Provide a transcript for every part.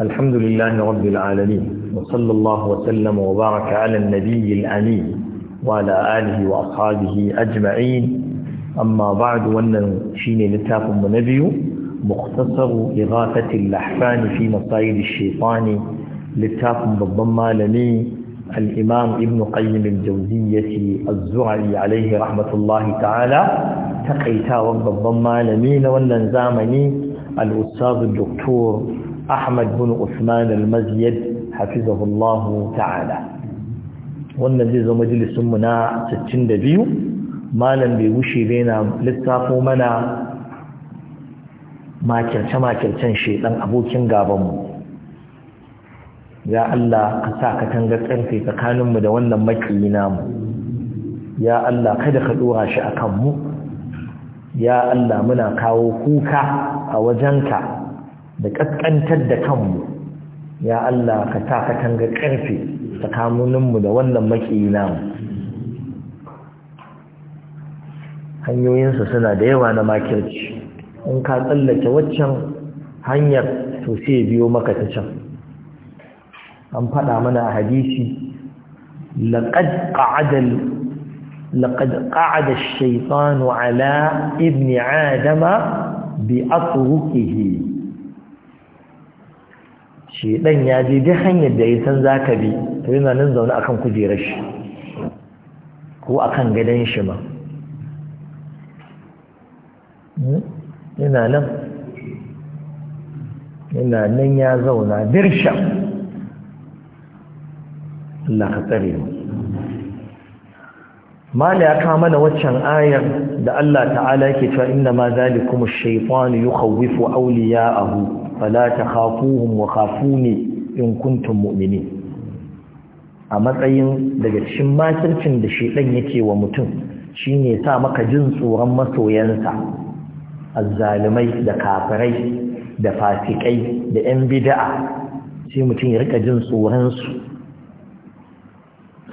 الحمد لله رب العالمين وصلى الله وسلم وبارك على النبي الأمين وعلى آله وأصحابه أجمعين أما بعد وأن شين لتاف نبي مختصر إغاثة اللحفان في مصائد الشيطان لتاف بالضمى لني الإمام ابن قيم الجوزية الزرعي عليه رحمة الله تعالى تقيتا الضما لمين وأن زامني الأستاذ الدكتور Ahmad bin Usman al-Mazyad hafizahullahu ta'ala wannan zai zo majalisun mu na 62 malam bai wuce bai na lissafo mana makirce makircen dan abokin gaban mu ya Allah ka sa ka tanga karfe tsakanin mu da wannan makiyi namu ya Allah kada ka dora shi akan mu ya Allah muna kawo kuka a wajenka da ƙasƙantar da kanmu ya Allah ka ta ka tanga ƙarfe tsakaninmu da wannan maƙiyi hanyoyinsa suna da yawa na makirci in ka tsallake waccan hanyar to sai biyo maka ta can an faɗa mana a hadisi laƙad ƙa'adal لقد قعد الشيطان على ابن آدم Shi ɗan ya je duk hanyar da ya san za ka bi to yana nan zaune akan kujerar shi ko akan gadon shi ma hmm? yana nan yana nan ya zauna birsha Allah ka tsare mu ya kama mana waccan ayar da Allah ta'ala yake cewa inna ma zalikum ash-shaytanu yukhawifu awliya'ahu fala takhafuhum wa khafuni in kuntum mu'minin a matsayin daga cikin makircin da shedan yake wa mutum shine sa maka jin tsoron masoyansa azzalumai da kafirai da fasikai da yan bid'a sai mutum ya rika jin tsoron su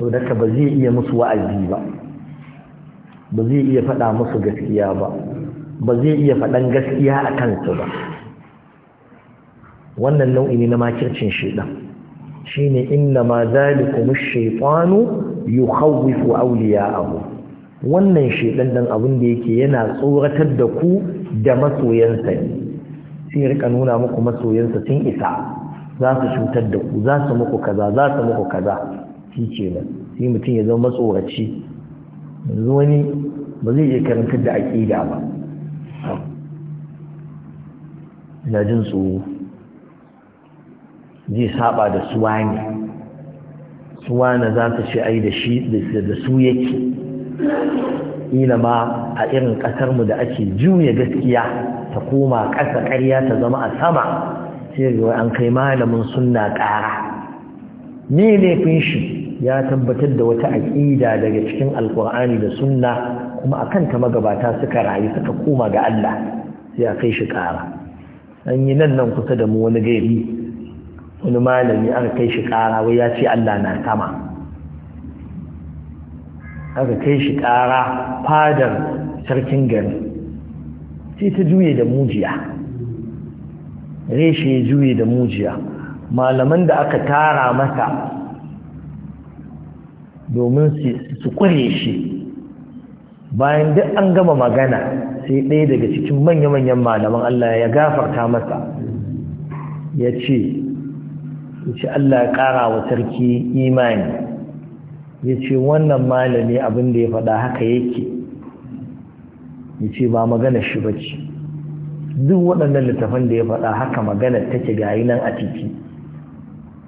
to daga ba zai iya musu wa'azi ba ba zai iya faɗa musu gaskiya ba ba zai iya faɗan gaskiya a kansu ba wannan nau'i ne na makircin shaidan shine inna ma zalikum ash-shaytanu yukhawwifu awliya'ahu wannan shaidan dan abin da yake yana tsoratar da ku da masoyansa ne sai rika nuna muku masoyansa sun isa za su cutar da ku za su muku kaza za su muku kaza shi kenan sai mutum ya zama matsoraci yanzu wani ba zai iya karantar da aƙida ba na jin tsoro zai saba da suwa ne suwa na za ta ce ai da shi da su yake Ina ma a irin ƙasarmu da ake juya gaskiya ta koma ƙasa ƙarya ta zama a sama sai ga an kai malamin sunna ƙara ne laifin shi ya tabbatar da wata aƙida daga cikin alƙur'ani da sunna kuma a kanta magabata suka rayu suka koma ga Allah sai a kai shi ƙara an yi nan nan kusa da mu wani gari wani malami aka kai shi ƙara wai ya ce Allah na sama aka kai shi ƙara fadar sarkin gari sai ta juye da mujiya reshe ya juye da mujiya malaman da aka tara masa domin su kware shi bayan duk an gama magana sai ɗaya daga cikin manya-manyan malaman Allah ya gafarta masa ya ce yace Allah ya kara wa sarki imani yace wannan malami abin da ya faɗa haka yake yace ba magana shi bace duk waɗannan littafan da ya faɗa haka magana take gayi nan a ciki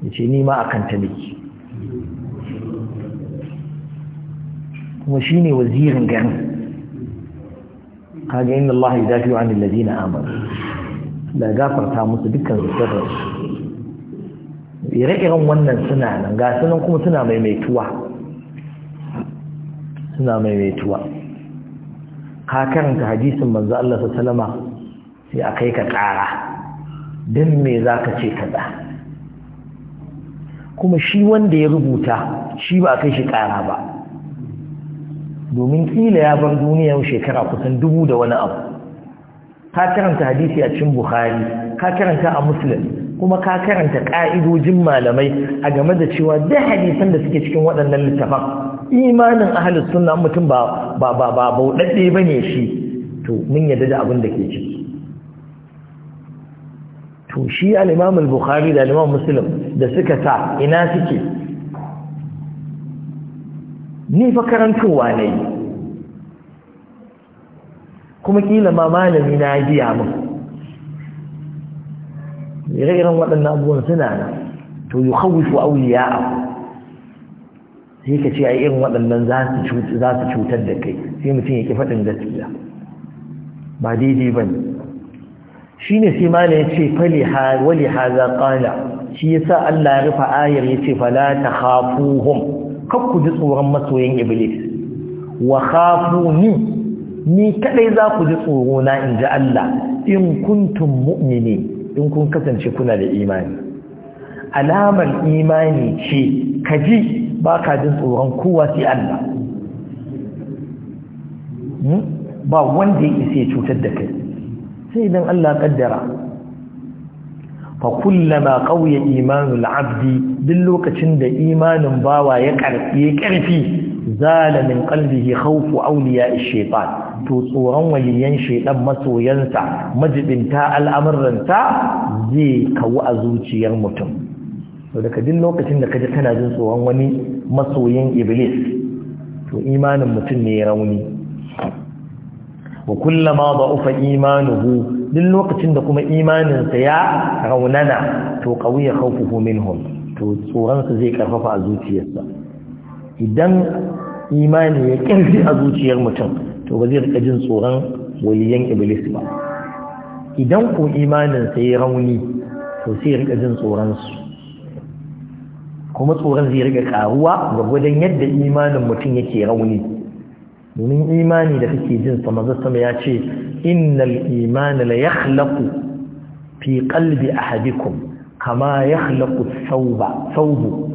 yace ni ma akan ta nake kuma shi ne wazirin gani kaga inna Allah ya dafi wa anil la gafarta musu dukkan zuwa ire-iren wannan suna nan ga sunan kuma suna maimaituwa suna maimaituwa ka karanta hadisin manzo Allah sallama sai a kai ka ƙara don me za ka ce kaza kuma shi wanda ya rubuta shi ba a kai shi ƙara ba domin kila ya bar duniya shekara kusan dubu da wani abu ka karanta hadisi a cikin buhari ka karanta a muslim kuma ka karanta ƙa'idojin malamai a game da cewa duk hadisan da suke cikin waɗannan littafan imanin ahalus sunna mutum ba ba ba ba bauɗaɗɗe ba ne shi to mun yadda da abin da ke ciki to shi al al-bukhari da al-imam muslim da suka sa ina suke ni fa karantowa ne kuma kila ma malami na biya mun ire-iren waɗannan abubuwan suna nan to yi hawifu auliya abu sai ka ce a irin waɗannan za su cutar da kai sai mutum ya ƙi faɗin gaskiya ba daidai ba ne shi ne sai mana ya ce wali haza ƙala shi ya sa Allah ya rufa ayar ya ce fala ta hafuhum ku ji tsoron masoyin iblis wa ni ni kaɗai za ku ji tsoro na in ji Allah in kuntum mu'mini in kun kasance kuna da imani alamar imani ce kaji ba ka jin tsoron kowa sai Allah hmm? ba wanda ya isa ya cutar da kai sai idan Allah kaddara fa kullama qawiya imanul abdi duk lokacin da imanin bawa ya karfi zala min qalbihi khawfu awliya ash-shaytan to tsoron waliyan shaytan masoyansa majibinta al'amuransa zai kawu a zuciyar mutum to daga duk lokacin da kaje kana jin tsoron wani masoyin iblis to imanin mutum ne rauni wa kullama da'ufa imanuhu duk lokacin da kuma imaninsa ya raunana to qawiya khawfuhu minhum to tsoron su zai karfafa a zuciyarsa idan imani ya ƙarfi a zuciyar mutum to ba zai rika jin tsoron waliyan iblis ba idan ko imanin sai ya rauni to sai rika jin tsoron su kuma tsoron zai rika karuwa ga gudan yadda imanin mutum yake rauni domin imani da kake jin sa maza sama ya ce innal imani la yakhlaqu fi qalbi ahadikum kama yakhlaqu thawba thawbu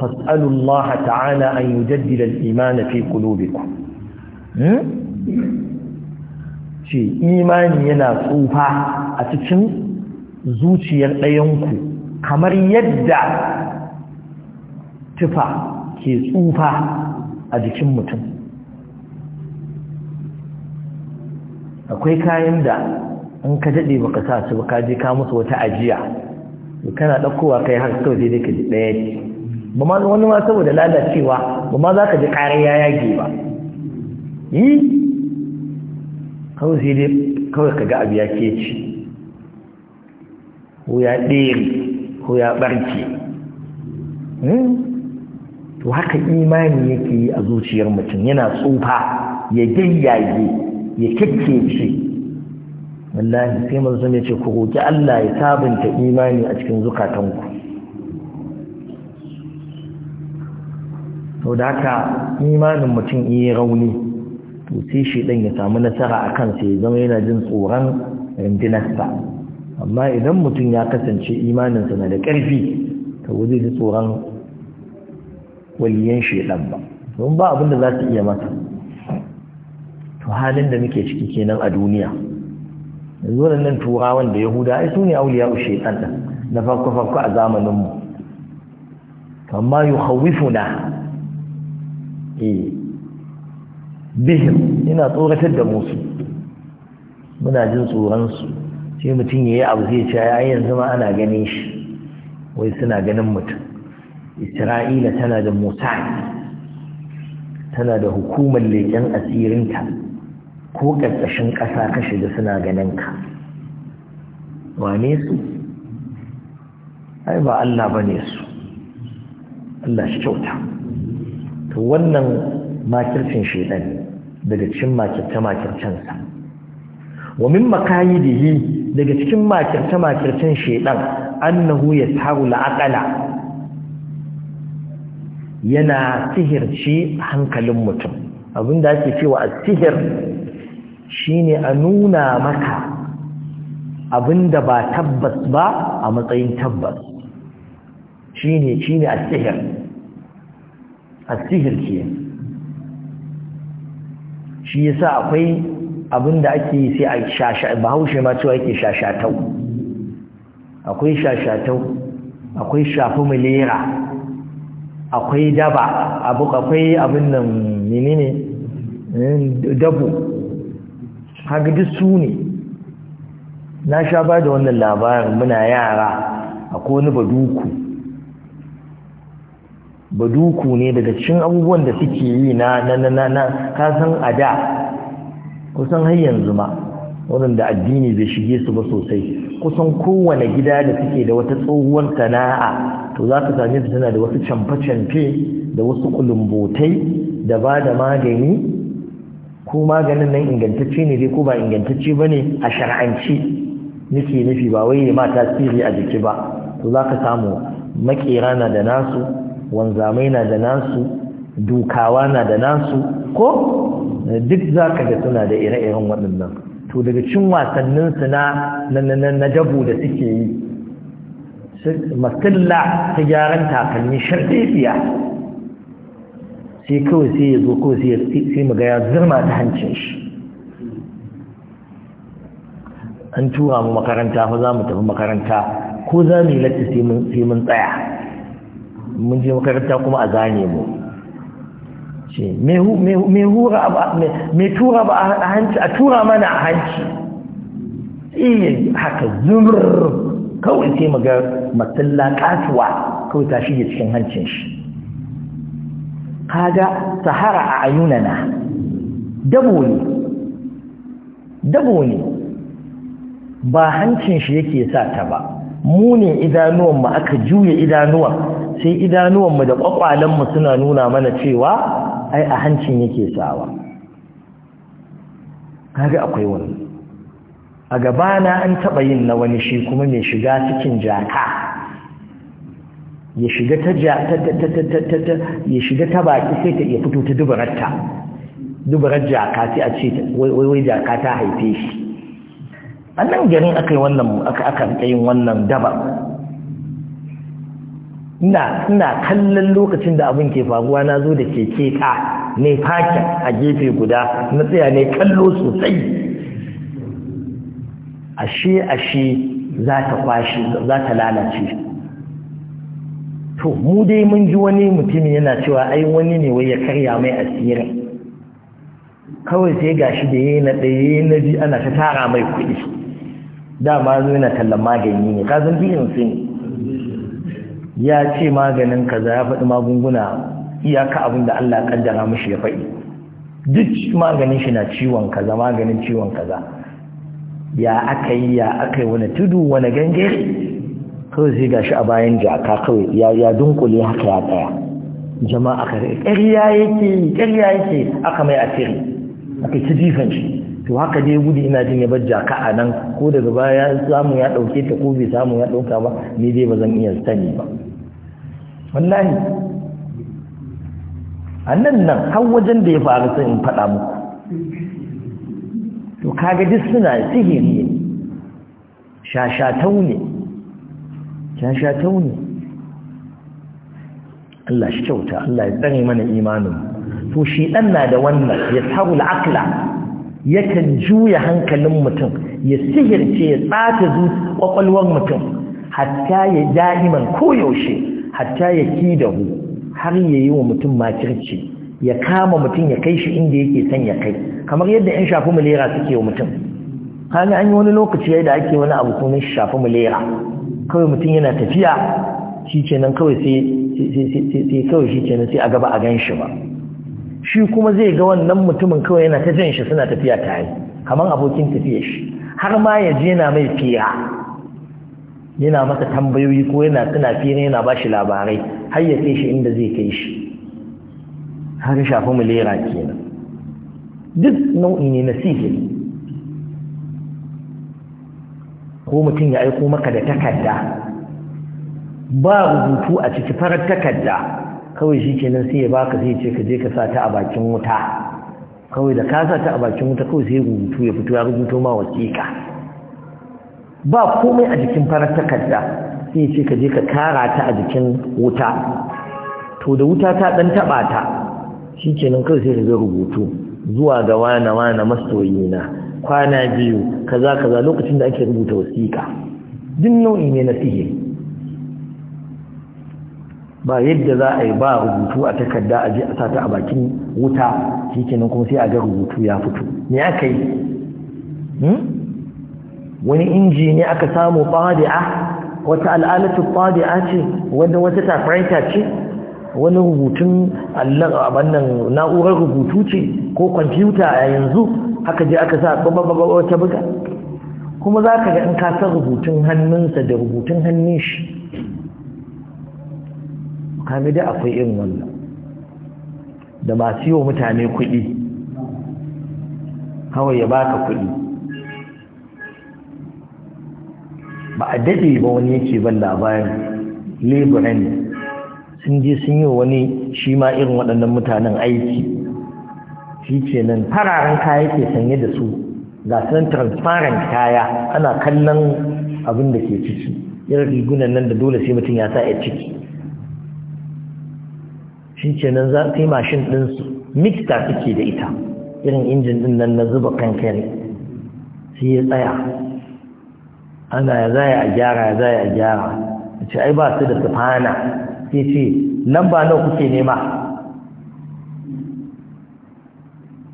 فاسألوا الله تعالى أن يجدد الإيمان في قلوبكم ce imani yana tsufa a cikin zuciyar ɗayanku kamar yadda tufa ke tsufa a jikin mutum akwai kayan da in ka daɗe baka sa su ba ka je ka musu wata ajiya kana ɗaukowa kai har kawai dai ka ji ɗaya ba ma wani ma saboda lalacewa ba ma za ka ji ƙarar ya yage ba yi kawai sai dai kawai ka ga abu ya ke ci ko ya ɗere ko ya ɓarke hmm? to haka imani yake yi a zuciyar mutum yana tsufa ya gayyage ya kekece. wallahi sai manzo ne ce ku roƙi Allah ya sabunta imani a cikin zukatanku sau da haka imanin mutum iya rauni to sai shi ɗan ya samu nasara a kansa ya zama yana jin tsoron rindinarsa amma idan mutum ya kasance imaninsa na da ƙarfi to waje ji tsoron waliyan ɗan ba don ba abin za su iya masa to halin da muke ciki kenan a duniya yanzu nan turawan da yahuda ai su ne auliya shaidan na farko farko a zamaninmu amma yuhawifuna Eh, bihim ina tsoratar da musu muna jin tsoronsu sai mutum ya yi abu zai ce ya yanzu ma ana ganin shi wai suna ganin mutum isra'ila tana da musa tana da hukumar leƙen asirinta ko ƙarƙashin ƙasa ka shiga suna ganin ka wane su ai ba allah ba ne su allah shi kyauta to wannan makircin shaidan daga cikin makirce-makircensa wa min makayidihi daga cikin makirce-makircen shaidan annahu yasharu la'aqala yana sihirci hankalin mutum abinda ake cewa as-sihir shine a nuna maka abinda ba tabbas ba a matsayin tabbas shine shine as-sihir asihir ke shi yasa akwai abin ake yi sai a shasha bahaushe ma cewa yake shashatau akwai shashatau akwai shafi milera akwai daba abu akwai abin nan menene dabu haka duk su ne na sha ba da wannan labarin muna yara akwai wani baduku baduku ne daga cikin abubuwan da suke yi na na na na ka san a da kusan har yanzu ma waɗanda addini bai shige su ba sosai kusan kowane gida da suke da wata tsohuwar sana'a to za ka same su tana da wasu camfe-camfe da wasu kulumbotai da ba da magani ko maganin nan ingantacce ne dai ko ba ingantacce ba ne a shar'anci nufi nufi ba wai ma tasiri a jiki ba to za ka samu maƙera na da nasu wanzamai na da nasu dukawa na da nasu ko duk za ka ga suna da ire-iren waɗannan to daga cin wasanninsu na na jabu da suke yi matsala ta gyaran takalmi sharɗefiya sai kawai sai ya zo kawai sai mu ga zirma ta hancin shi an tura mu makaranta ko za mu tafi makaranta ko za mu yi sai mun tsaya mun je makaranta kuma a zane mu ce me hura me tura ba a hanci a tura mana a hanci iya eh, haka zumur kawai sai maga matsalla kasuwa kawai ta shige cikin hancin shi kaga sahara a ayunana dabo ne dabo ne ba hancin shi yake sa ta ba mu ne idanuwanmu aka juya idanuwa sai idanuwanmu da kwakwalenmu suna nuna mana cewa ai a hancin yake sawa kaga akwai wani a gabana an taɓa yin na wani shi kuma mai shiga cikin jaka ya shiga ta ya shiga ta baki sai ta iya fito ta ta dubarar jaka sai a ce wai jaka ta haife shi a nan garin aka yi wannan aka aka yin wannan daba ina ina kallon lokacin da abin ke faruwa na zo da keke ka ne fakin a gefe guda na tsaya ne kallo sosai ashe ashe za ta kwashi za ta lalace to mu dai mun ji wani mutum yana cewa ai wani ne wai ya karya mai asirin kawai sai gashi da yayi na ɗaya na ji ana ta tara mai kuɗi dama zo yana tallan magani ne ka san biyan su ne ya ce maganin kaza ya faɗi magunguna iyaka abin da Allah ƙaddara kaddara mishi ya faɗi duk maganin shi na ciwon kaza maganin ciwon kaza ya aka yi ya aka yi wani tudu wani gange kawai sai gashi a bayan jaka kawai ya dunkule haka ya tsaya jama'a kare ƙarya yake ƙarya yake aka mai asiri aka ci jifan shi to haka dai gudu ina jin ya bar jaka a nan ko daga baya samu ya ɗauke ta ko bai samu ya ɗauka ba ni dai ba zan iya sani ba wallahi a nan nan har wajen da ya faru sai in faɗa muku to kaga duk suna sihiri ne shashatau ne shashatau ne Allah shi kyauta Allah ya tsare mana imanin to shi ɗan na da wannan ya tsaru al'aqla yakan juya hankalin mutum ya sihirce ya tsata zuci kwakwalwar mutum hatta ya da'iman koyaushe hatta ya kidahu har ya yi wa mutum makirci ya kama mutum ya kai shi inda yake son ya kai kamar yadda 'yan shafi malera suke wa mutum kaga an yi wani lokaci yadda ake wani abu sunan shafi malera kawai mutum yana tafiya shi kenan kawai sai kawai shi kenan sai a gaba a gan shi ba shi kuma zai ga wannan mutumin kawai yana ta jan shi suna tafiya tare kamar abokin tafiya shi har ma ya je yana mai fiya yana masa tambayoyi ko yana suna fiye yana ba shi labarai har ya kai shi inda zai kai shi har ya shafi Lera kenan duk nau'i ne na sihiri ko mutum ya aiko maka da takarda ba rubutu a ciki farar takarda kawai shi nan sai ya baka sai ce ka je ka sa ta a bakin wuta kawai da ka sa ta a bakin wuta kawai sai rubutu ya fito ya rubuto ma wasiƙa ba komai a jikin farar takarda sai ce ka je ka kara ta a jikin wuta to da wuta ta dan taba ta shi nan kawai sai ka ga rubutu zuwa ga wana wana masoyina kwana biyu kaza kaza lokacin da ake rubuta wasiƙa duk nau'i ne na sihiri ba yadda za a yi ba rubutu a takarda a ji a sata a bakin wuta shikenan kuma sai a ga rubutu ya fito me aka yi hmm? wani inji ne aka samu fadi'a wata al'alatu fadi'a ce wanda wata typewriter ce wani rubutun allon abannan na'urar rubutu ce ko kwamfuta a yanzu aka je aka sa babba wata buga kuma za ka ga in ka san rubutun hannunsa da rubutun hannun shi kaga da akwai irin wannan da masu yi wa mutane kuɗi kawai ya baka kuɗi ba a daɗe ba wani yake ban labarin laborin sun je sun yi wani shi ma irin waɗannan mutanen aiki shi ke nan fararen kaya ke sanye da su ga sunan transparent kaya ana kallon abin da ke ciki irin rigunan nan da dole sai mutum ya sa ya ciki shi kenan za su mashin ɗinsu mikta suke da ita irin injin ɗin nan na zuba kankare su ya tsaya ana ya zaya a gyara ya zaya a gyara ce ai ba su da sufana sai ce nan ba nawa kuke nema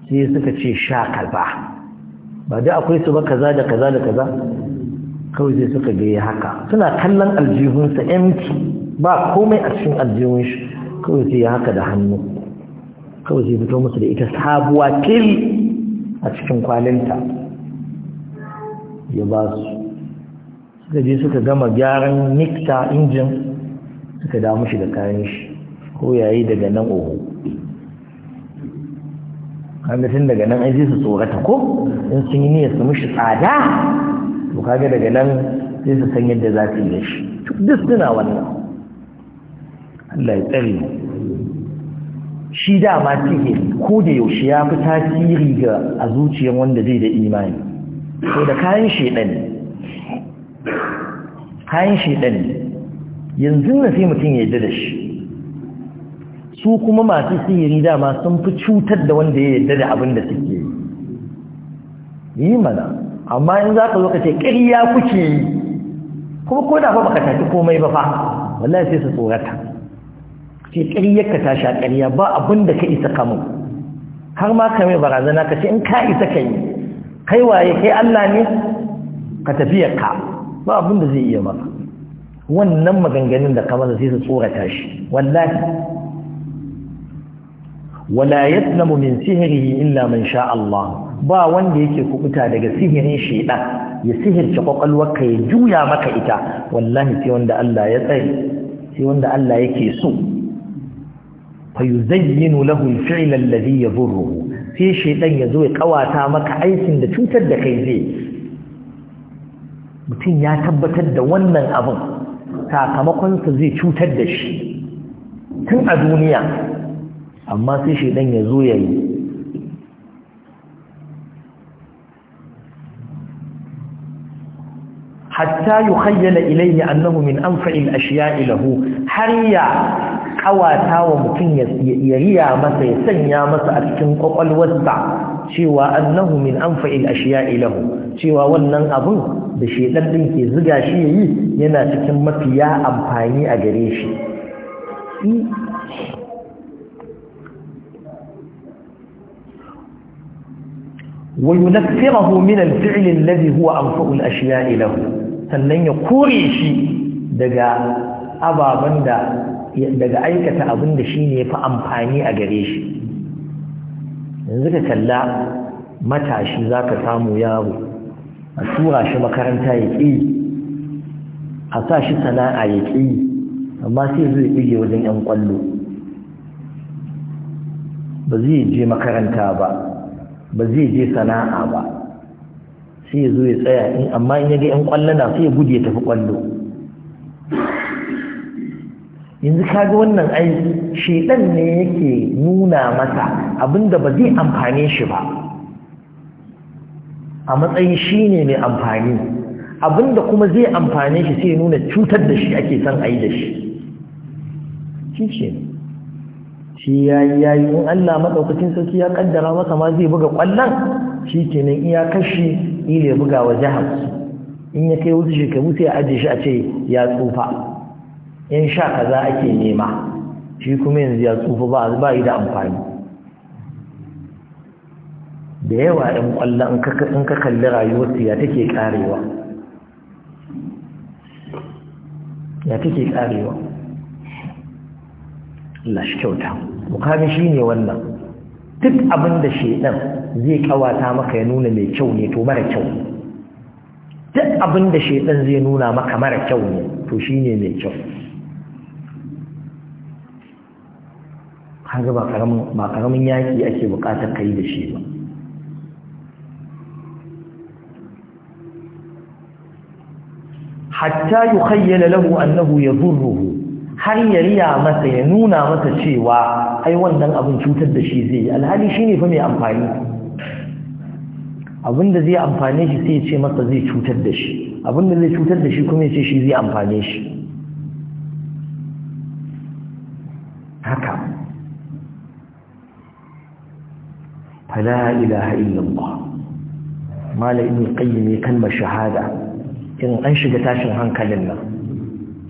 sai suka ce sha kaza ba dai akwai su ba kaza da kaza da kaza kawai sai suka gaya haka suna kallon aljihunsa yanki ba komai a cikin aljihun kawai sai ya haka da hannu kawai sai fito musu da ita sabuwa til a cikin kwalinta ya ba su suka je suka gama gyaran nikta injin suka damu shi da kayan shi ko yayi daga nan oho kaga tun daga nan aji su tsorata ko in sun yi niyyar su mishi tsada to kaga daga nan sai su san yadda za su yi da shi duk suna wannan Allah ya tsari shi dama sihiri ko da yaushe ya fi tasiri ga a zuciyar wanda zai da imani Ko da kayan shaidan kayan shaidan yanzu na sai mutum ya yarda da shi su kuma masu sihiri dama sun fi cutar da wanda ya yarda da abin da suke yi mana amma in za ka zo ka ce kuke yi kuma ko da ba ka tafi komai ba fa wallahi sai su tsorata ce ƙaryar ka tashi a ƙarya ba abin da ka isa kamun har ma ka mai barazana ka ce in ka isa ka yi kai waye kai Allah ne ka tafiya ka ba abin da zai iya maka wannan maganganun da kamar sai su tsorata shi wallahi wala yatlamu min sihrihi illa man sha Allah ba wanda yake kubuta daga sihirin shedan ya sihirce ka ya juya maka ita wallahi sai wanda Allah ya tsare sai wanda Allah yake so fayuzayyinu lahu al-fi'l alladhi yadhurruhu sai shedan yazo ya kawata maka aikin da cutar da kai zai mutum ya tabbatar da wannan abin sakamakon sa zai cutar da shi tun a duniya amma sai shedan yazo yayi hatta yukhayyala ilayhi annahu min anfa'il ashiya'i lahu har ya kawata wa mutum ya riya masa ya sanya masa a cikin kwakwalwarsa cewa annahu min anfa'il ashiya'i lahu cewa wannan abun da shedan din ke ziga shi yayi yana cikin mafiya amfani a gare shi وينفره من الفعل الذي هو أنفع الأشياء له sannan ya kore shi daga ababen da daga aikata abin da shi ne fi amfani a gare shi yanzu ka kalla matashi za ka samu yaro a tura shi makaranta ya ƙi a sa shi sana'a ya ƙi amma sai zai ɓige wajen 'yan ƙwallo ba zai je makaranta ba ba zai je sana'a ba sai ya zo ya tsaya in amma in ya ga 'yan kwallo na sai ya gudu ya tafi kwallo yanzu kaga wannan ai shedan ne yake nuna masa abinda ba zai amfane shi ba a matsayin shi ne mai amfani abinda kuma zai amfane shi sai nuna cutar da shi ake son a yi da shi shi ce shi ya yi ya yi in allah maɗaukacin sarki ya ƙaddara masa ma zai buga ƙwallon shi kenan iya kashi ƙila ya buga wa jihar in ya kai wasu shekaru sai a ajiye shi a ce ya tsufa in sha kaza ake nema shi kuma yanzu ya tsufa ba ba yi da amfani da yawa ɗan ƙwallo in ka kalli rayuwarsu ya take ƙarewa ya take ƙarewa Allah shi kyauta mukamin shi ne wannan duk abin da shaidan zai kawata maka ya nuna mai kyau ne to mara kyau duk abin da shaitan zai nuna maka mara kyau ne to shine mai kyau har ba karamin ba karamin yaki ake bukatar kai da shi ba hatta yukhayyala lahu annahu yadhurruhu har ya riya masa ya nuna masa cewa ai wannan abin cutar da shi zai yi alhali ne fa mai amfani da zai amfane shi sai ya ce masa zai cutar da shi da zai cutar da shi kuma ya ce shi zai amfane shi haka fala ilaha illallah mala ibn qayyim kalmar shahada in an shiga tashin hankalin nan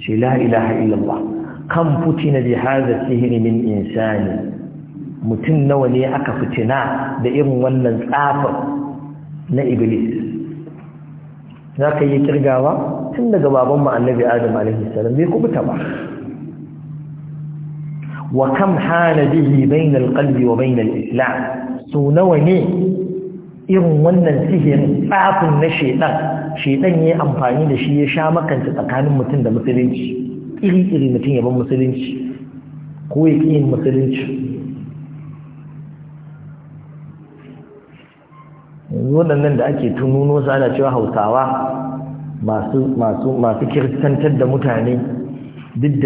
shi la ila ilaha illallah kan fitina na hadha sihri min insani mutum nawa ne aka fitina da irin wannan tsafin na iblis za ka yi kirgawa tun daga babanmu annabi adam alaihissalam bai kubuta ba wa kam hana bihi bainal qalbi wa bainal islam so nawa ne irin wannan sihirin tsafin na shedan shedan yayi amfani da shi ya sha makanta tsakanin mutum da musulunci iri iri mutum yaban musulunci ko yake yin musulunci yanzu waɗannan da ake tununo su ana cewa hausawa masu masu masu da mutane duk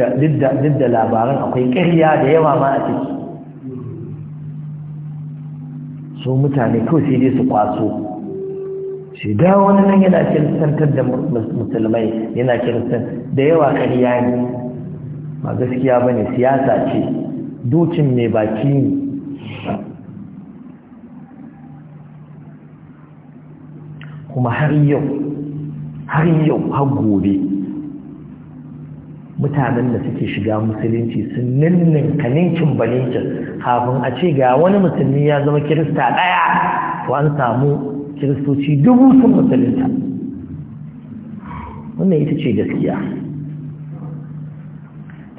da labaran akwai ƙarya da yawa ma a ciki su mutane kawai sai dai su kwaso shi da wani nan yana kirtantar da musulmai yana kiristan da yawa ƙarya ne ba gaskiya ba ne siyasa ce dukin mai baki ne kuma har yau har yau har gobe mutanen da suke shiga musulunci sun ninnin kanincin balinkin kafin a ce ga wani musulmi ya zama kirista ɗaya to an samu kiristoci dubu sun musulunta wannan ita ce gaskiya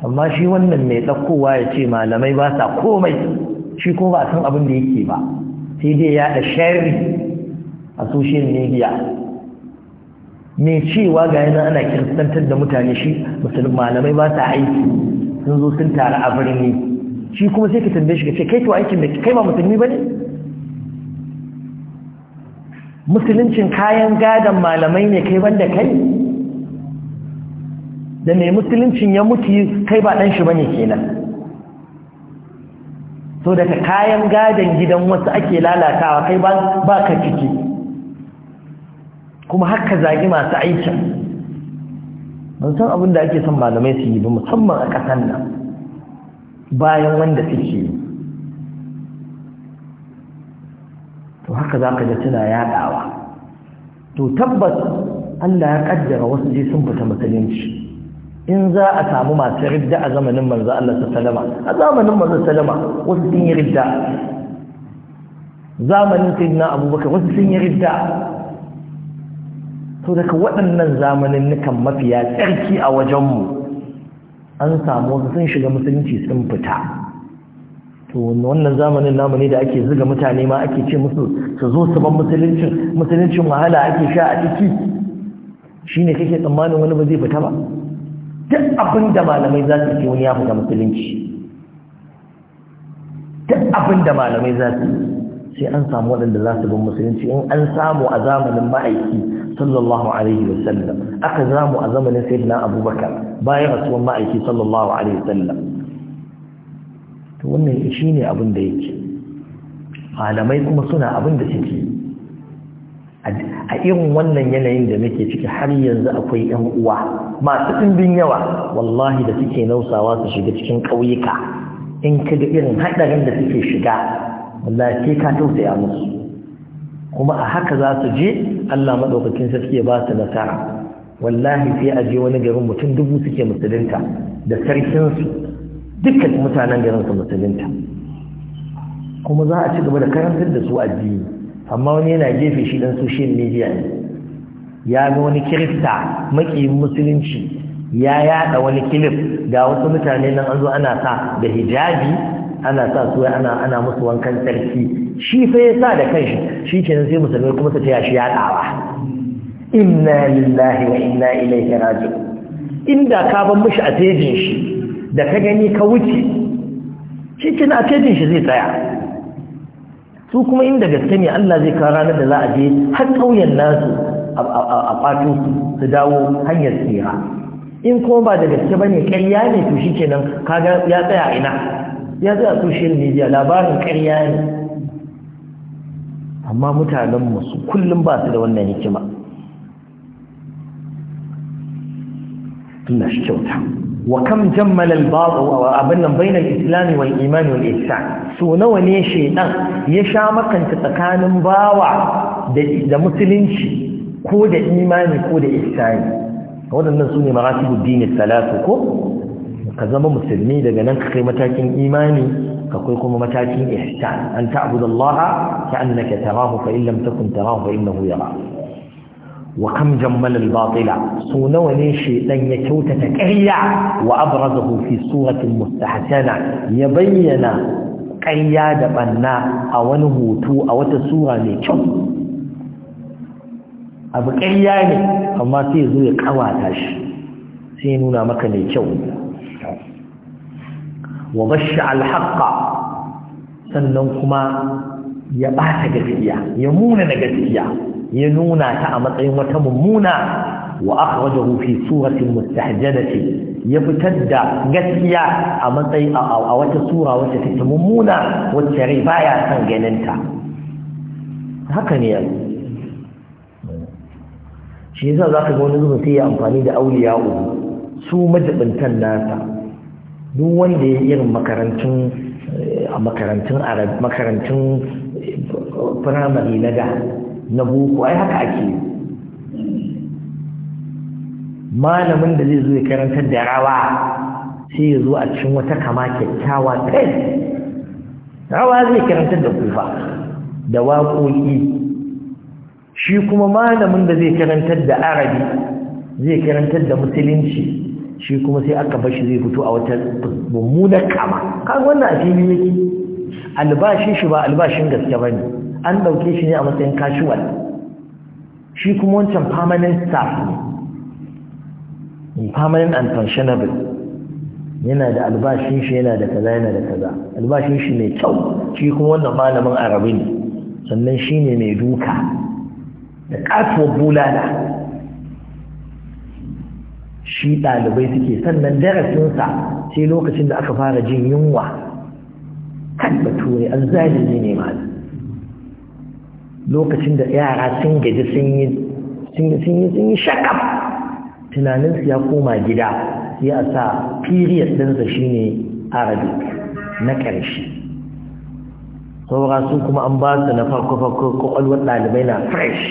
amma shi wannan mai tsakkowa ya ce malamai ba sa komai shi ko ba san abin da yake ba sai dai ya da sharri a social media mai cewa ga yana ana kiristantar da mutane shi musulun malamai ba sa aiki sun zo sun taru a birni shi kuma sai ka tambaye shi ka ce kai to aikin da kai ba musulmi ba ne musuluncin kayan gadon malamai ne kai banda kai da mai musuluncin ya mutu kai ba ɗan shi ba ne kenan so daga kayan gadon gidan wasu ake lalatawa kai ba ka ciki kuma haka zagi masu aikin ban san abin da ake son malamai su yi ba musamman a ƙasar nan bayan wanda suke yi to haka za ka ga suna yaɗawa to tabbas Allah ya ƙaddara wasu je sun fita musulunci in za a samu masu ridda a zamanin manzo Allah Sallama, a zamanin manzo salama wasu sun yi ridda zamanin sayyidina abubakar wasu sun yi ridda to daga waɗannan zamaninnukan mafiya tsarki a wajenmu an samu wasu sun shiga musulunci sun fita to wannan zamanin namu ne da ake zuga mutane ma ake ce musu su zo su ban musuluncin musulunci wahala ake sha a ciki ne kake tsammanin wani ba zai fita ba duk abin da malamai za su ce wani ya fita musulunci duk abin da malamai za su sai an samu waɗanda za su bin musulunci in an samu a zamanin ma'aiki sallallahu alaihi wa sallam aka zamu a zamanin sayyidina abubakar bayan rasuwan ma'aiki sallallahu alaihi wa sallam to wannan shine abin da yake malamai kuma suna abin da suke a irin wannan yanayin da muke ciki har yanzu akwai ‘yan uwa masu ɗimbin yawa wallahi da suke nausawa su shiga cikin ƙauyuka in ka ga irin haɗarin da suke shiga wallahi sai ka tausaya musu kuma a haka za su je Allah maɗaukakin sarki ya ba su nasara wallahi sai a je wani garin mutum dubu suke musulunta da sarkin su dukkan mutanen garin su musulunta kuma za a ci gaba da karantar da su addini amma wani yana gefe shi dan social media ne ya ga wani kirista makiyin musulunci ya yada wani kilif ga wasu mutane nan an zo ana sa da hijabi ana sa su ana ana musu wankan sarki shi fa ya sa da kanshi shi nan sai musulmi kuma su taya shi yaɗawa inna lillahi wa inna ilaihi raji'un inda ka ban mishi a tejin shi da ka gani ka wuce shi kenan a tejin shi zai tsaya su kuma inda gaske ne Allah zai kawo ranar da za a je har ƙauyen nasu a fato su dawo hanyar tsira in kuma ba da gaske ba ne ƙarya ne to shi kenan kaga ya tsaya ina ya tsaya social media labarin ƙarya ne amma mutanenmu su kullum ba su da wannan hikima Allah shi kyauta wa kam jammala al a wa bainar nan bainal islam wal iman nawa ne shaydan ya sha makanta tsakanin bawa da musulunci ko da imani ko da ihsani waɗannan su ne maratibu dini salatu ko ka zama musulmi daga nan ka kai matakin imani akwai kuma matakin ihsan an ta'budu Allah ka'annaka tarahu fa in lam takun tarahu fa innahu yara wa kam jammala al-batila so nawa ne shedan ya kyautata ƙarya wa abrazahu fi suratin mustahsana ya bayyana ƙarya da banna a wani hoto a wata sura mai kyau abu ƙarya ne amma sai zo ya kawata shi sai nuna maka mai kyau wa basha alhaqa sannan kuma ya bata gaskiya ya muna na gaskiya ya nuna ta a matsayin wata mummuna wa akhrajahu fi suratin mustahjanati ya fitar da gaskiya a matsayin a wata sura wacce take mummuna wacce rai baya son ganinta haka ne yanzu shi yasa zaka ga wani zubin sai ya amfani da auliya uku su majibintan nasa duk wanda ya irin makarantun eh, a makarantun arab makarantun eh, firamare na da na boko ai haka ake malamin da zai zo ya karantar da rawa sai ya zo a cikin wata kama kyakkyawa kai rawa zai karantar da kufa da waƙoƙi shi kuma malamin da zai karantar da arabi zai karantar da musulunci shi kuma sai aka bashi zai fito a wata mummunar kama kan wannan a fili yake albashin shi ba albashin gaske ba ne an ɗauke shi ne a matsayin kashiwal shi kuma wancan permanent staff ne permanent and functionable yana da albashin shi yana da kaza yana da kaza albashin shi mai kyau shi kuma wannan malamin arabi ne sannan shi ne mai duka da kasuwar bulala shi ɗalibai suke sannan darasinsa sai lokacin da aka fara jin yunwa kan batu an zalili ne ma lokacin da yara sun gaji sun yi shakam tunaninsu ya koma gida sai a sa period ɗinsa shine arabic na ƙarshe saura su kuma an ba su na farko-farko kwakwalwar ɗalibai na fresh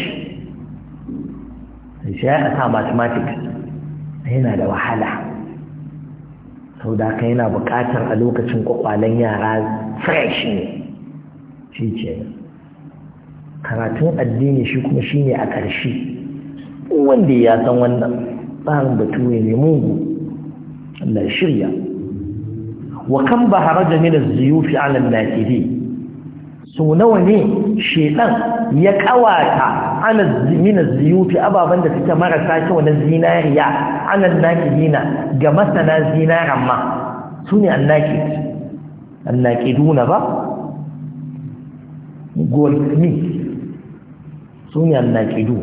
sai a sa mathematics yana da wahala sau da ka yana bukatar a lokacin kwakwalen yara fresh ne shi ce karatun addini shi kuma shi ne a ƙarshe wanda ya san wannan tsarin batu ne mugu Na shirya wa kan ba da min ziyu fi 'ala an-nakibi sau nawa ne shekan ya kawata ana mina ziyufi ababen da suke marasa kyau na zinariya ana zina ga masana zinaran ma su ne naki duna ba goldsmith su ne du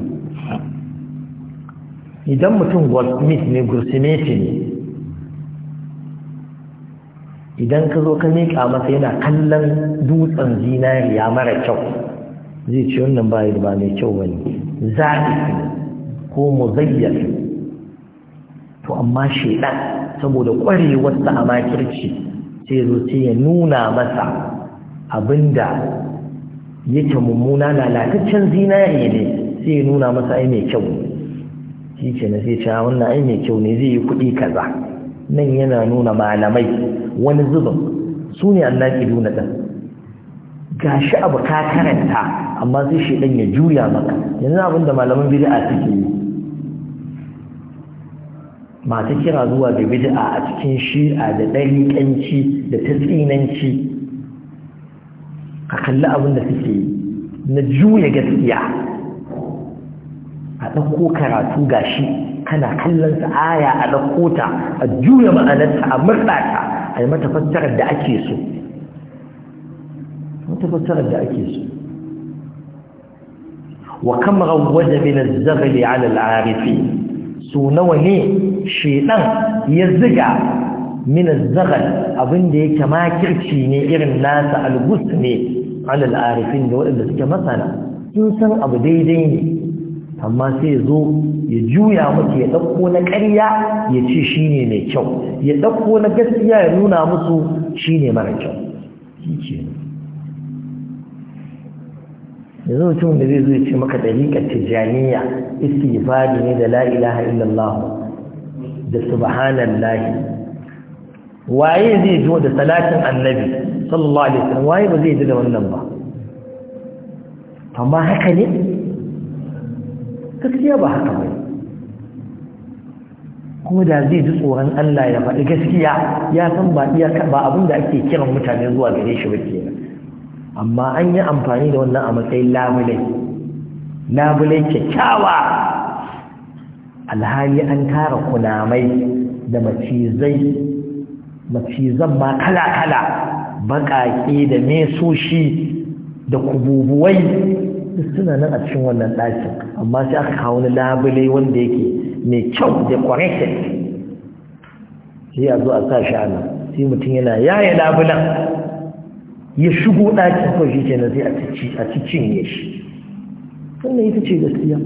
idan mutum goldsmith ne gursimeti ne idan ka zo ka miƙa masa yana kallon dutsen zinariya mara kyau zai ce wannan bayi ba mai kyau ba ne zaɓi ko muzayyar to amma shaidan saboda ƙwarewarsa a makirci sai zo sai ya nuna masa abinda yake mummuna lalataccen zinari ne sai ya nuna masa ai mai kyau shi ke na sai ce ah, wannan ai mai kyau ne zai yi kuɗi kaza nan yana nuna malamai wani zubin su ne annaƙi duna ɗan gashi abu ka karanta amma sai ɗan ya juya maka yanzu abin da malaman bid'a suke yi masu kira zuwa ga bid'a a cikin shi'a da ɗariƙanci da ta tsinanci ka kalli abin da suke yi na juya gaskiya a ɗauko karatu gashi kana kallon sa aya a ɗauko ta a juya ma'anarta a murɗa a yi mata fassarar da ake so ita da ake so wa kam rawwada min az-zaghli 'ala al su nawa ne shedan ya ziga min az-zaghal abinda yake makirci ne irin nasa al ne 'ala al da waɗanda suke masana sun san abu daidai ne amma sai ya zo ya juya musu ya ɗauko na karya ya ce shi ne mai kyau ya ɗauko na gaskiya ya nuna musu shi ne mara kyau yanzu mutum da zai zo ya ce maka dariƙar tijjaniya istighfari ne da la ilaha illallah da subhanallah waye zai zo da salatin annabi sallallahu alaihi wasallam waye ba zai ji da wannan ba amma haka ne gaskiya ba haka ba kuma da zai ji tsoron Allah ya faɗi gaskiya ya san ba iya ba abin da ake kiran mutane zuwa gare shi ba kenan amma an yi amfani da wannan a matsayin labulai labulai kyakkyawa alhali an tara kunamai da macizai macizan ma kala-kala baƙaƙe da mesoshi da kububuwai suna nan a cikin wannan ɗakin amma sai aka kawo wani labule wanda yake mai kyau da decorated sai a zo a sa shi ana sai mutum yana yaya labulan ya shigo ɗakin kawai shi kenan zai a cikin ya shi wannan ita ce gaskiya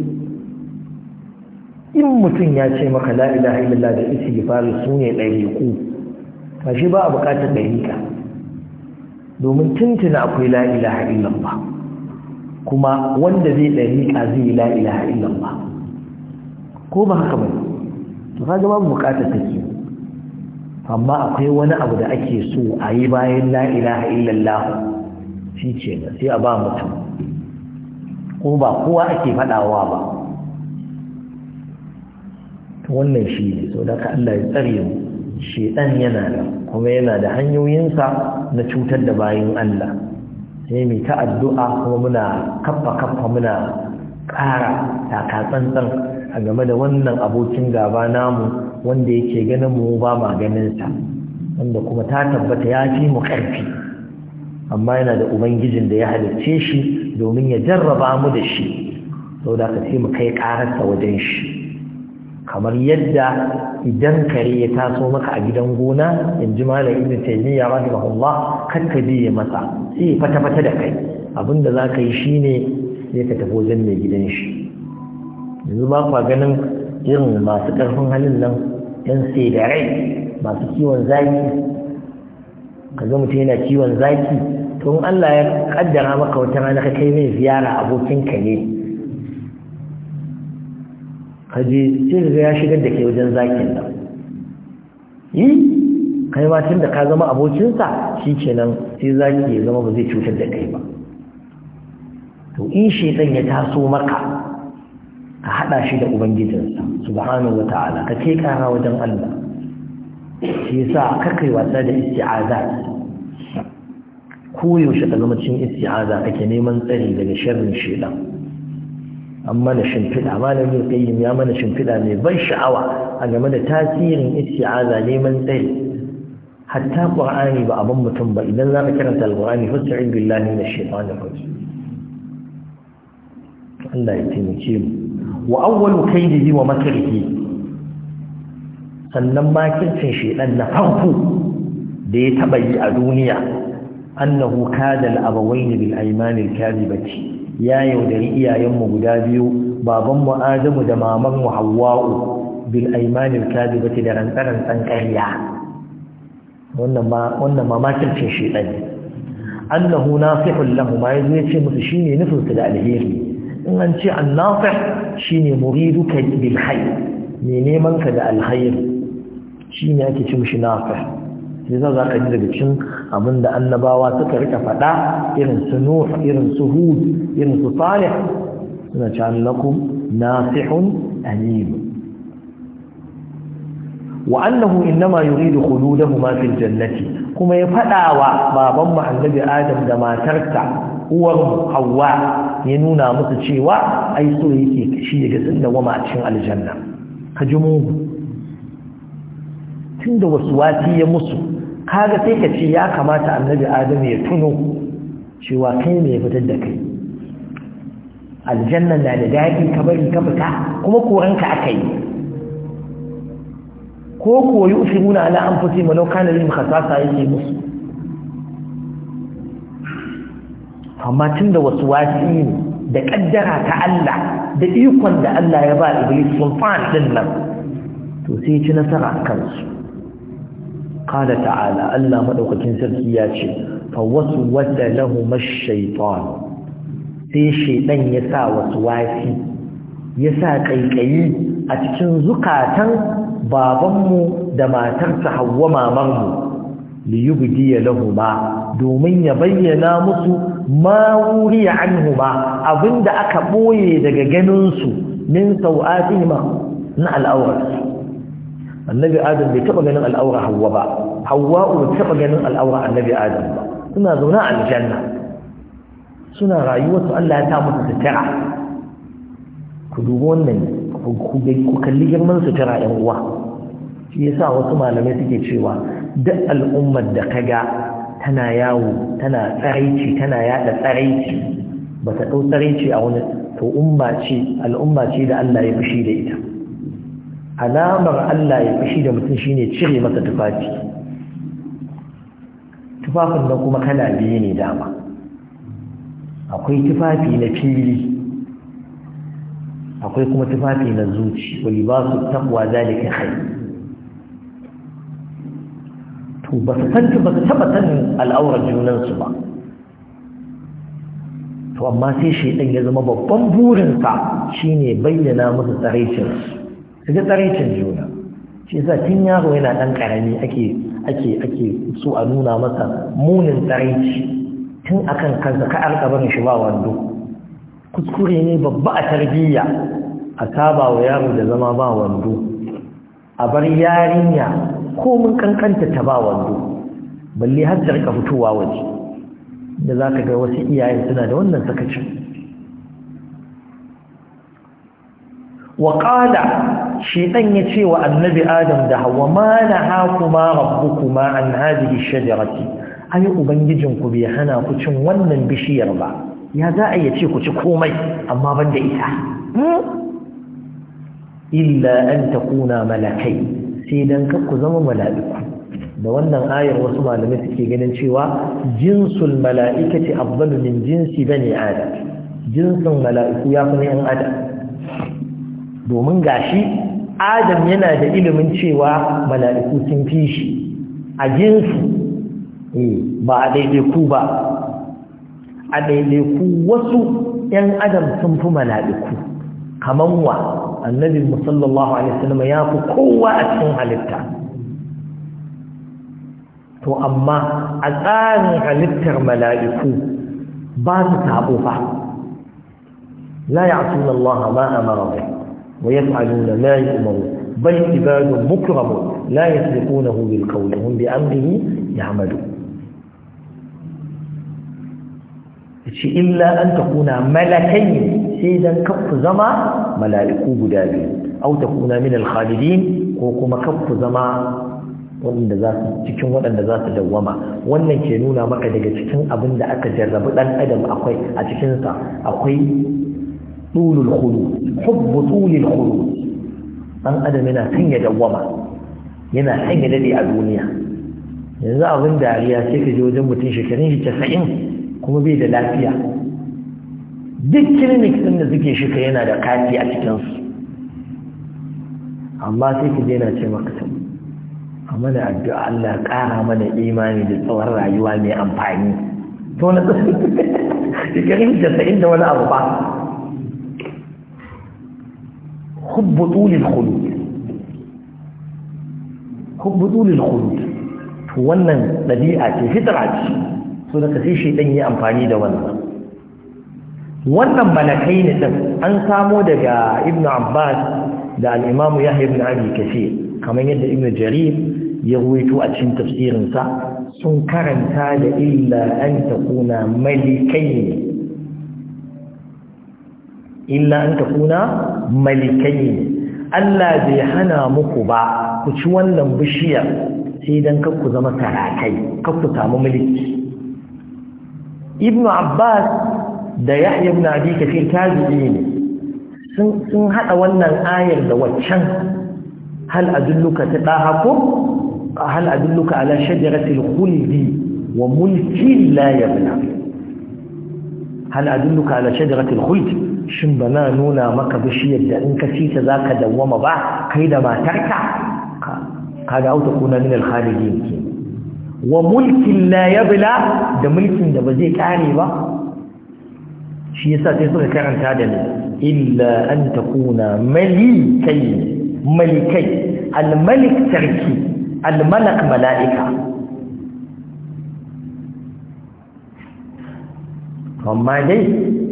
in mutum ya ce maka la ilaha illallah da fara su ne ɗariƙu ba shi ba a buƙatar ka domin tuntuna akwai la ilaha illallah kuma wanda zai ka zai yi la ilaha illallah ko ba haka ba to kaga mu buƙatar take amma akwai wani abu da ake so a yi bayan la ilaha illallah shi ce sai a ba mutum ko ba kowa ake faɗawa ba wannan shi ne so da ka Allah ya tsare mu shedan yana da kuma yana da hanyoyinsa na cutar da bayan Allah sai mai ta addu'a kuma muna kaffa kaffa muna ƙara taka a game da wannan abokin gaba namu wanda yake ganin mu ba ma ganin sa wanda kuma ta tabbata ya fi mu karfi amma yana da ubangijin da ya halicce shi domin ya jarraba mu da shi da ka sai mu kai kararsa wajen shi kamar yadda idan kare ya taso maka a gidan gona in ji malam ibn taymiya rahimahullah kar ka biye masa sai fata fata da kai abinda za ka yi shine sai ka tafi wajen mai gidan shi yanzu ba ganin irin masu ƙarfin halin nan ɗan sedarai masu kiwon zaki ka zo mutum yana kiwon zaki to in Allah ya kaddara maka wata rana ka kai mai ziyara abokinka ne ka je sai ya shigar da ke wajen zakin nan yi kai ma tun da ka zama abokinsa shi kenan sai zaki ya zama ba zai cutar da kai ba to in shi ya taso maka ka haɗa shi da ubangijinsa subhanahu wa ta'ala ka ke kara wajen Allah shi yasa kakai wasa da isti'aza koyaushe ka zama cin isti'aza kake neman tsari daga shirin shedan an mana shimfiɗa malamin qayyim ya mana shimfiɗa mai ban sha'awa a game da tasirin isti'aza neman tsari hatta ƙur'ani ba abin mutum ba idan za ka karanta alqur'ani fasta'in billahi minash shaitanir rajim Allah ya taimake mu wa awwalu kaydihi wa makrihi sannan makircin shedan na farko da ya taba yi a duniya annahu kada al-abawayn bil ayman al-kadhibati ya yaudari iyayenmu guda biyu babanmu Adamu da mamanmu Hawwa'u bil ayman al da rantsaran san wannan ma wannan ma makircin shedan annahu nasihul lahum ya ce musu shine nufin su da alheri in an ce annafi shine muriduka bil hayr ne neman ka da alkhair shine ake cin shi nafi sai za ka ji daga cin abinda annabawa suka rika faɗa irin su nuh irin su hud irin su salih suna ce annakum nasihun alim wa annahu innama yuridu ma fil jannati kuma ya faɗawa baban mu annabi adam da matarsa Uwar hawa ya nuna musu cewa ai so yake shi daga sun wama a cikin aljanna ka ji mugu tun da wasu wati ya musu kaga sai ka ce ya kamata annabi adamu ya tuno cewa kai ne ya fitar da kai aljanna na da daɗi ka bari ka fita kuma koranka aka yi ko koyi muna ala an fiti malau kana lim khasasa yake musu amma tun da wasu wasi ne da ƙaddara ta Allah da ikon da Allah ya ba Iblis sulfan ɗin nan to sai ci nasara kansu kada ta'ala Allah maɗaukakin sarki ya ce fa wasu wadda lahumar shaitan sai shaitan ya sa wasu wasi ya sa ƙaiƙayi a cikin zukatan babanmu da matarsa hawa mamanmu liyubdiya lahuma domin ya bayyana musu ma wuriya anhu ba abinda aka boye daga ganin su min sau'atihima na al'awar annabi adam bai taba ganin al'aura hawa ba hawa bai taba ganin al'aura annabi adam ba suna zauna a aljanna suna rayuwar su Allah ya ta musu sutura ku dubi wannan ku kalli girman sutura yan uwa shi yasa wasu malamai suke cewa duk al'ummar da ka ga. tana yawo tana tsaraici tana yada tsaraici ba ta ɗau tsaraici a wani to ce al'umma ce da Allah ya fushi da ita alamar Allah ya fushi da mutum shine cire masa tufafi tufafin nan kuma kana biyu ne dama akwai tufafi na fili akwai kuma tufafi na zuci wani ba su takwa zalika khair to ba su san ba su taba sanin al'aurar junansu ba to amma sai shaidan ya zama babban burinsa shine bayyana musu tsaraicinsu su ga tsaraicin juna shi yasa tun yaro yana ɗan ƙarami ake ake ake so a nuna masa munin tsaraici tun akan kansa ka arka barin shi ba wando kuskure ne babba a tarbiyya a saba wa yaro da zama ba wando a bar yarinya ko mun kankanta ta ba wando balle har ta rika fitowa waje da za ka ga wasu iyayen suna da wannan sakacin waƙala shedan ya ce wa annabi adam da hawa ma na hakuma rabbukuma an da shajarati ai ubangijinku bai hana ku cin wannan bishiyar ba ya za a ce ku ci komai amma ban da ita hmm? illa an kuna malakai sai dan ku zama mala'iku da wannan ayar wasu malamai suke ganin cewa jinsul mala'ikati afdalu min jinsi bani adam jinsin mala'iku ya fi yan adam domin gashi adam yana da ilimin cewa mala'iku sun fi shi a jinsi eh, ba a ku ba a ku wasu yan adam sun fi mala'iku kaman wa النبي صلى الله عليه وسلم يقول كوا أتون حلتا تو أما أتان حلتا ملائكة بعد تابوها لا يعصون الله ما أمر به ويفعلون ما يؤمر بل عباد مكرم لا يسبقونه بالقول هم بأمره يعملون Shi illa an kuna malakai sai dan kafu zama mala'iku guda biyu au kuna min al-khalidin ko kuma kafu zama wanda za su cikin waɗanda za su dawwama wannan ke nuna maka daga cikin abin da aka jarrabi ɗan adam akwai a cikinsa akwai tulul khulu hubbu tulul khulu ɗan adam yana son ya dawwama yana son ya dade a duniya yanzu abin dariya sai ka je wajen mutum shekarun shi casa'in kuma bai da lafiya duk clinic ɗin da suke shika yana da kati a cikinsu amma sai ku je na ce maka ta a mana addu'a Allah ƙara mana imani da tsawon rayuwa mai amfani to na da casa'in da wani abu ba hubbu tulil khulud hubbu tulil khulud to wannan ɗabi'a ce fitra ce so da sai shi ɗan yi amfani da wannan wannan malakai ne ɗin an samo daga ibn abbas da al'imamu ya haifin abi kashe kamar yadda ibn jarir ya ruwaito a cikin tafsirinsa sun karanta da illa an ta kuna malikai ne illa an ta kuna Allah bai hana muku ba ku ci wannan bishiyar sai don kakku zama sarakai kakku samu mulki Ibnu abbas da yahya ibn abi kafir tabi'i ne sun sun hada wannan ayar da waccan hal adulluka ta dahaku hal adulluka ala shajaratil khuldi wa mulkin la yabla hal adulluka ala shajaratil khuldi shin bana nuna maka bishiyar da in ka ci ta zaka dawwama ba kai da matarka kaga auta kuna min al-khalidin wa mulkin la yabla da mulkin da ba zai kare ba shi yasa sai suka karanta da ni illa an takuna malikai malikai Almalik Sarki, tarki mala'ika amma dai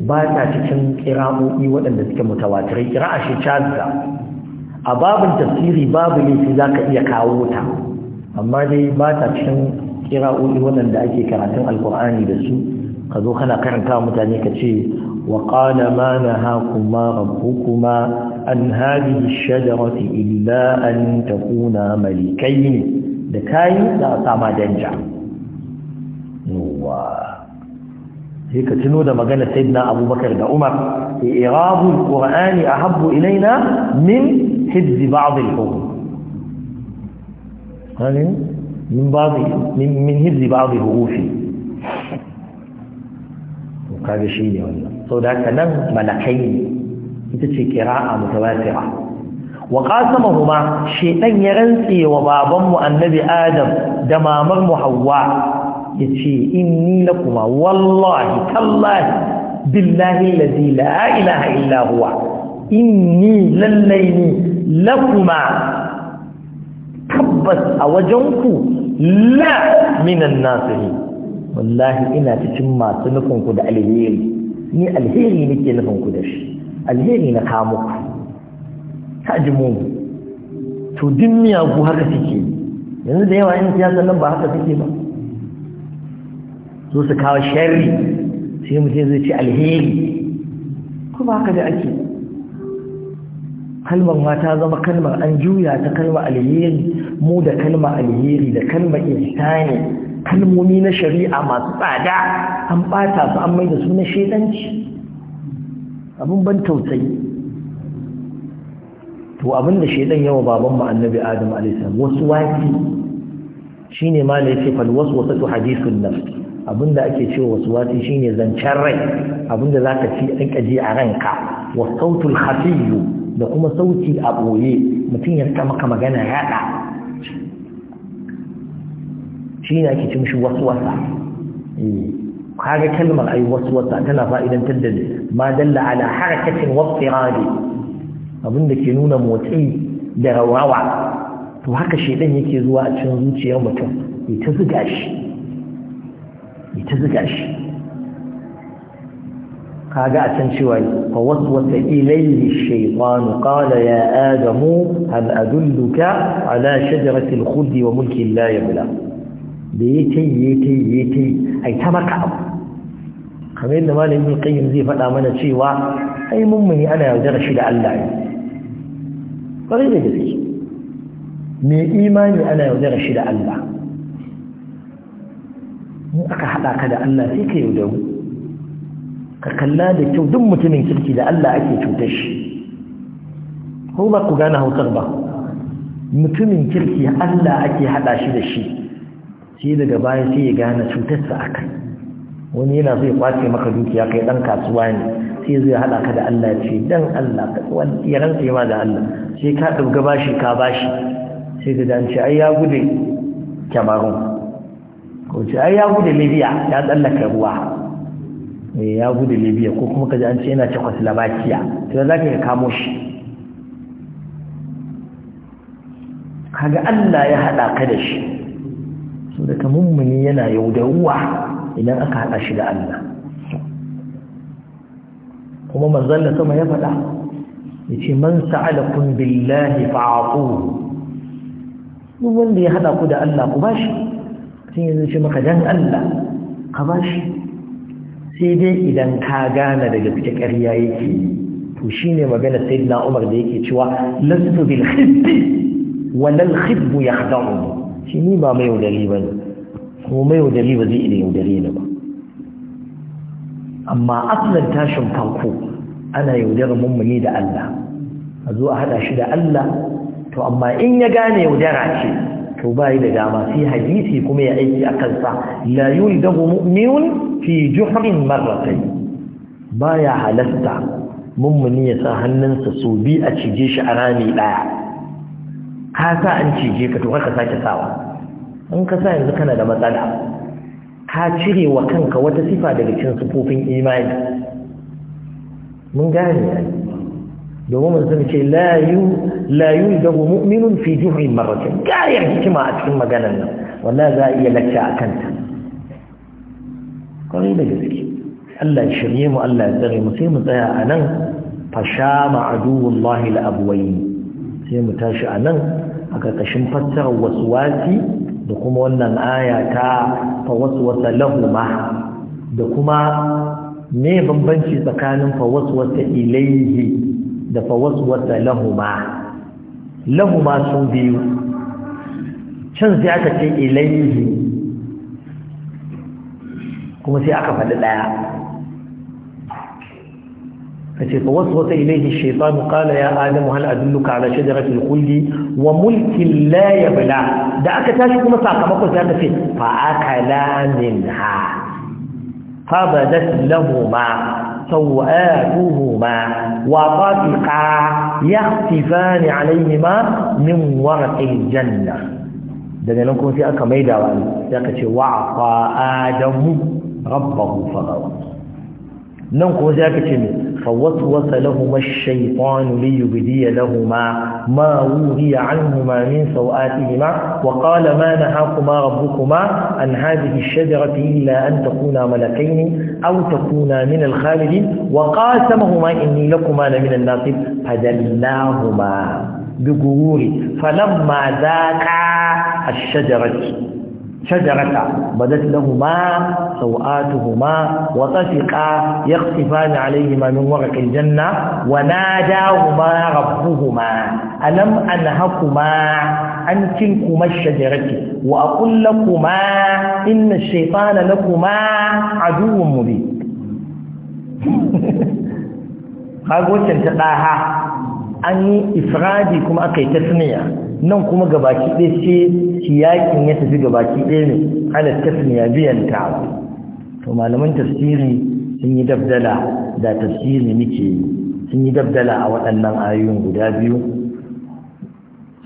ba ta cikin kira'o'i waɗanda suke mutawatirai kira'a shi cazza a babin tafsiri babu ne sai za ka iya kawo ta amma dai ba ta cikin kira'o'i waɗanda ake karatun alkur'ani da su ka zo kana karanta mutane ka ce wa qala ma nahakuma rabbukuma an hadhihi shajarati illa an takuna malikayn da kayi za a sama danja yawa sai ka tuno da magana sayyidina abubakar da umar i'rabu al-qur'ani ahabbu ilaina min hizzi ba'd al-hukm gani min babu min hizzi babu hurufi kaga shi ne wannan sau da haka nan malakai ne ita ce kira'a mutawatira wa qasamahuma shaytan ya rantse wa babanmu annabi adam da mamar mu hawwa yace inni lakuma wallahi tallahi billahi allazi la ilaha illa huwa inni lallaini lakuma tabbas a wajenku la minan nasihi wallahi ina cikin masu nufinku da alheri ni alheri nake nufinku da shi alheri na kamo ku ta ji mu to din miyagu haka suke yanzu da yawa ya siyasa nan ba haka suke ba su su kawo sharri sai mutum zai ce alheri Ku ba haka da ake kalmar ma ta zama kalmar an juya ta kalmar alheri mu da kalmar alheri da kalmar ihsani kalmomi na shari'a masu tsada an bata su an maida su na shedanci abin ban tausayi to abin da shedan yawa baban mu annabi adam alaihi salam wasu wasi shine ma la yace fal waswasatu hadithun nafs abinda ake cewa wasu wasi shine zancen rai abinda zaka ci an kaji a ranka wasautul khafiyyu da kuma sauti a ɓoye mutum ya sa maka magana yaɗa shi ne ake cin wasu wasa eh, kaga kalmar ayi wasu wasa tana fa'idan da ma dalla ala harkacin wasu abin da ke nuna motsi da rawawa to haka shaidan yake zuwa a cikin zuciyar mutum Ita zuga shi Ita zuga shi قاعدة شوي فوسوس إليه الشيطان قال يا آدم هل أدلك على شجرة الخلد وملك لا يبلى بيتي بيتي بيتي أي تمك خمير خمين لما القيم زي فلا من شيوا أي ممني أنا أدرش إلى الله فغير ذلك من إيمان أنا أدرش إلى الله أكحدا كذا أن فيك يدوم ka kalla da kyau duk mutumin kirki da Allah ake cutar shi ko ba ku gane hausar ba mutumin kirki Allah ake hada shi da shi sai daga baya sai ya gane cutarsa a kai wani yana zai kwace maka dukiya kai dan kasuwa ne sai zai hada ka da Allah ce dan Allah wani ya rantse ma da Allah sai ka dubga bashi ka bashi sai da dan ce ai ya gude kyamarun ko ce ai ya gude Libya ya tsallaka ruwa Eh, ya gudu libya ko kuma kaji an ce yana czechoslovakia sai za ka yi kamo shi kaga allah ya haɗa ka da shi so daga mummuni yana yaudaruwa idan aka haɗa shi da allah kuma manzalla sama ya faɗa ya ce man sa'alakun billahi fa'aƙo wanda ya haɗa ku da allah ku ba shi sun yanzu maka dan allah ka ba shi sai dai idan ka gane da gaske ƙarya yake yi to shine magana sayyidina Umar da yake cewa lastu bil khibbi walal khibbu yakhda'u shi ni ba mai yaudari ba ne kuma mai yaudari ba zai iya yaudare ni ba amma asalin tashin farko ana yaudarar mummuni da Allah a zo a haɗa shi da Allah to amma in ya gane yaudara ce to ba da dama sai hadisi kuma ya aiki a kansa la yuridu mu'minun fi juhrin marratai baya halasta mummuni ya sa hannunsa so bi a cije shi a rami daya ka sa an cije ka to ka sake sawa in ka sa yanzu kana da matsala ka cire wa kanka wata sifa daga cikin sifofin imani mun gane domin mun san ce la yu la yudahu mu'minun fi juhrin marratain ga yar hikima a cikin maganar nan wallahi za a iya lakka akan ta kwarai da gaske Allah ya shirye mu Allah ya tsare mu sai mu tsaya a nan fasha ma'aduwun lahil sai mu tashi a nan a ƙarƙashin fassarar wasi, da kuma wannan aya ta fawaswasa lahuma da kuma me bambanci tsakanin fawaswasa ilaihi da fawaswasa lahuma lahuma sun biyu can sai aka ce ilaihi kuma sai aka faɗi ɗaya kace wasu wata ilayhi shaytan kala ya adam hal adulluka ala shajarati al-khuldi wa mulkin la yabla da aka tashi kuma sakamakon sai aka ce fa akala minha fa badat lahumu سوآتهما وطفقا يختفان ma min ورق janna daga nan kuma sai aka maida wani sai aka ce wa fa adamu ربه فغوى نن كو sai aka فوسوس لهما الشيطان ليبدي لهما ما وهي عنهما من سوآتهما وقال ما نهاكما ربكما عن هذه الشجرة إلا أن تكونا ملكين أو تكونا من الخالدين وقاسمهما إني لكما لمن الناصب فدلاهما بغرور فلما ذاقا الشجرة شجرة بدت لهما سوآتهما وطفقا يخصفان عليهما من ورق الجنة وناداهما ربهما ألم أنهكما عن تلكما الشجرة وأقول لكما إن الشيطان لكما عدو مبين هذا وجه انتقاها أني إفرادي كما أكي تسمية nan kuma gabaki ɗaya ce yakin ya tafi gabaki ɗaya ne ala tasniya biyan ta to malaman tafsiri sun yi dabdala da tafsiri muke sun yi dabdala a waɗannan ayoyin guda biyu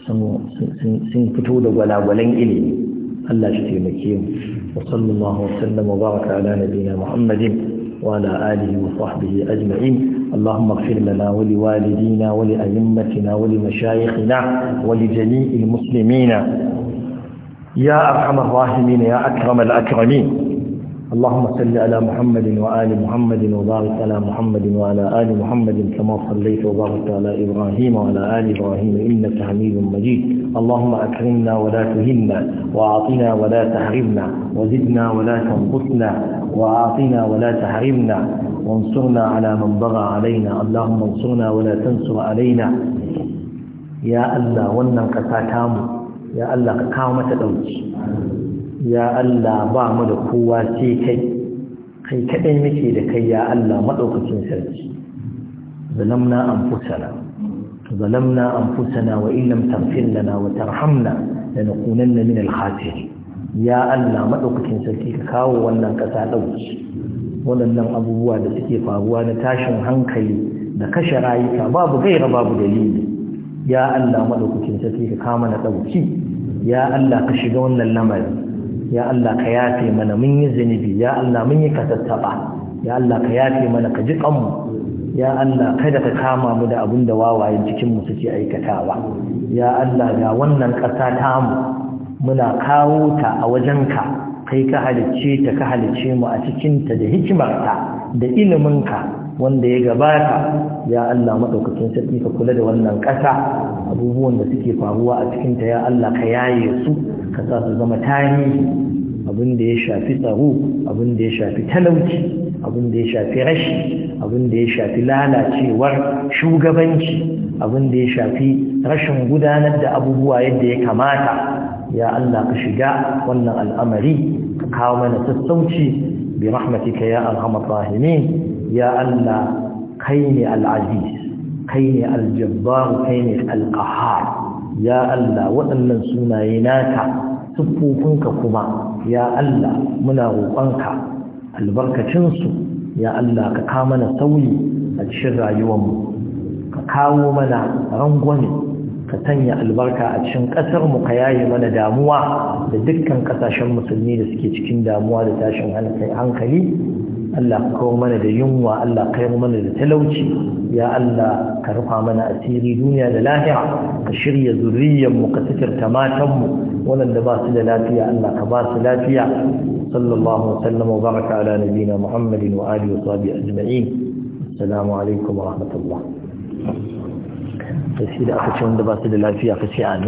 sun fito da gwalagwalan ilimi Allah shi taimake mu wa sallallahu wa sallam wa baraka ala nabiyina Muhammadin wa ala alihi wa sahbihi ajma'in اللهم اغفر لنا ولوالدينا ولأئمتنا ولمشايخنا ولجميع المسلمين يا أرحم الراحمين يا أكرم الأكرمين اللهم صل على محمد وآل محمد وبارك على محمد وعلى آل محمد كما صليت وباركت على إبراهيم وعلى آل إبراهيم إنك حميد مجيد اللهم أكرمنا ولا تهنا وأعطنا ولا تحرمنا وزدنا ولا تنقصنا وأعطنا ولا تحرمنا وانصرنا على من بغى علينا اللهم انصرنا ولا تنصر علينا يا الله wannan kasa tamu ya Allah ka kawo mata dauki ya Allah ba mu da kowa sai kai kai kadai muke da kai ya Allah madaukakin sarki zalamna anfusana zalamna anfusana wa illam taghfir lana wa tarhamna lanakunanna min al-khasirin ya Allah madaukakin sarki ka kawo wannan kasa dauki waɗannan abubuwa da suke faruwa na tashin hankali da kashe rayuka babu gaira babu dalili ya Allah madaukakin sarki ka kama na ɗauki ya Allah ka shiga wannan lamari ya Allah ka yafe mana mun yi zunubi ya Allah mun yi kasattaba ya Allah ka yafe mana ka ji kanmu ya Allah kada ka kama mu da abin da wawayen cikin mu suke aikatawa ya Allah ga wannan ƙasa tamu muna kawo ta a wajenka kai ka halicce ta ka halicce mu a cikinta da hikimarta da iliminka wanda ya gabata ya Allah maɗaukakin sarki ka kula da wannan ƙasa abubuwan da suke faruwa a cikinta ya Allah ka yaye su ka sa su zama tarihi abin da ya shafi tsaro abin da ya shafi talauci abin da ya shafi rashi abin da ya shafi lalacewar shugabanci abin da ya shafi rashin gudanar da abubuwa yadda ya kamata ya Allah ka shiga wannan al'amari kawo mana sassauci bi rahmatika ya arhamar rahimin ya Allah kai ne al'aziz kai ne aljabbar kai ne alqahar ya Allah waɗannan sunaye naka siffofinka kuma ya Allah muna roƙonka albarkacinsu ya Allah ka kawo mana sauyi a cikin rayuwarmu ka kawo mana rangwane. ka sanya albarka a cikin ƙasar mu ka yaye mana damuwa da dukkan ƙasashen musulmi da suke cikin damuwa da tashin hankali Allah ka kawo mana da yunwa Allah ka kawo mana da talauci ya Allah ka rufa mana asiri duniya da lahira ka shirya zuriyar mu ka sitirta matan mu wanda ba su da lafiya Allah ka ba su lafiya sallallahu alaihi wasallam wa baraka ala nabiyina Muhammadin wa alihi wa sahbihi ajma'in assalamu alaikum wa rahmatullah to shi da aka ce wanda ba su da lafiya ka ce